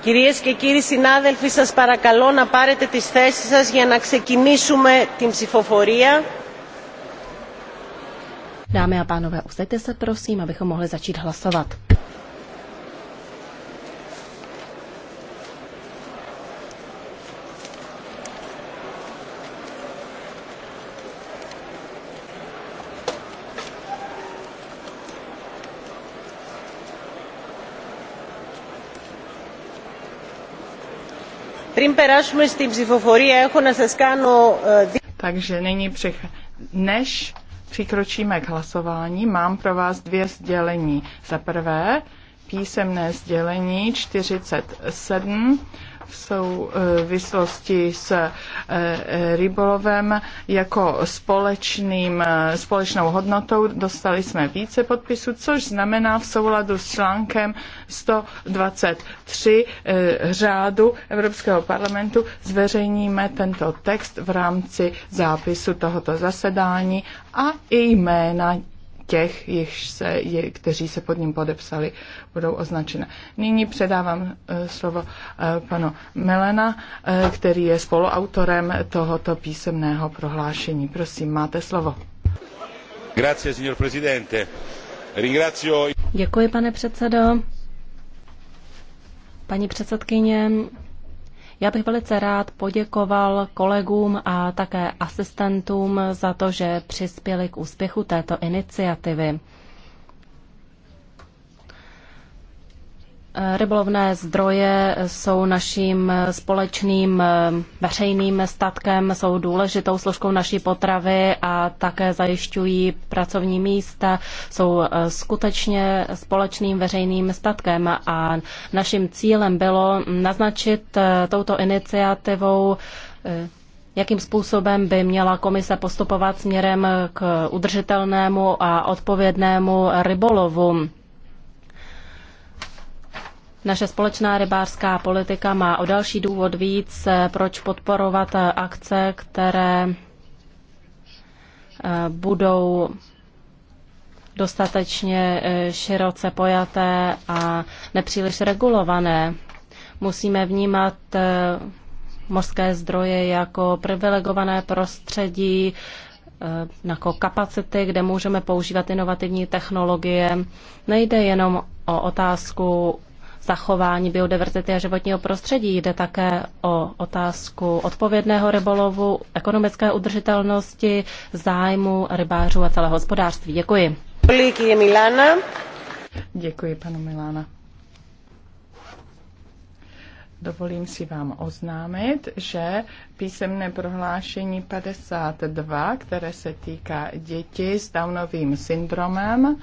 Κυρίες και κύριοι συνάδελφοι, σας παρακαλώ να πάρετε τις θέσεις σας για να ξεκινήσουμε την ψηφοφορία. Dámy a pánové, usaďte se prosím, abychom mohli začít hlasovat. Takže nyní přich... než přikročíme k hlasování, mám pro vás dvě sdělení. Za prvé písemné sdělení 47 v souvislosti e, s e, rybolovem jako společným, e, společnou hodnotou. Dostali jsme více podpisů, což znamená v souladu s článkem 123 řádu Evropského parlamentu zveřejníme tento text v rámci zápisu tohoto zasedání a i jména těch, jich se, je, kteří se pod ním podepsali, budou označena. Nyní předávám uh, slovo uh, panu Melena, uh, který je spoluautorem tohoto písemného prohlášení. Prosím, máte slovo. Grazie, signor presidente. Ringrazio... Děkuji, pane předsedo. Paní předsedkyně, já bych velice rád poděkoval kolegům a také asistentům za to, že přispěli k úspěchu této iniciativy. Rybolovné zdroje jsou naším společným eh, veřejným statkem, jsou důležitou složkou naší potravy a také zajišťují pracovní místa, jsou eh, skutečně společným veřejným statkem a naším cílem bylo naznačit eh, touto iniciativou jakým způsobem by měla komise postupovat směrem k udržitelnému a odpovědnému rybolovu naše společná rybářská politika má o další důvod víc, eh, proč podporovat eh, akce, které eh, budou dostatečně široce pojaté a nepříliš regulované. Musíme vnímat mořské zdroje jako privilegované prostředí, jako kapacity, kde můžeme používat inovativní technologie. Nejde jenom o otázku zachování biodiverzity a životního prostředí. Jde také o otázku odpovědného rybolovu, ekonomické udržitelnosti, zájmu rybářů a celého hospodářství. Děkuji. Děkuji, panu Milána. Dovolím si vám oznámit, že písemné prohlášení 52, které se týká dětí s Downovým syndromem,